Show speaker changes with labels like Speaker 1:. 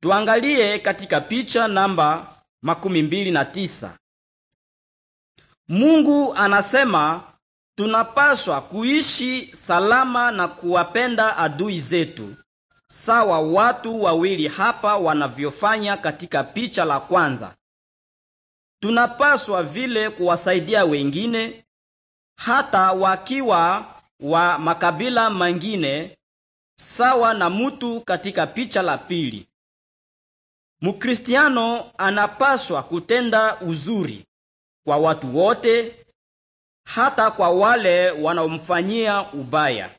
Speaker 1: Tuangalie katika picha namba makumi mbili na tisa. Mungu anasema tunapaswa kuishi salama na kuwapenda adui zetu, sawa watu wawili hapa wanavyofanya katika picha la kwanza. Tunapaswa vile kuwasaidia wengine hata wakiwa wa makabila mengine, sawa na mutu katika picha la pili. Mkristiano anapaswa kutenda uzuri kwa watu wote, hata kwa wale wanaomfanyia
Speaker 2: ubaya.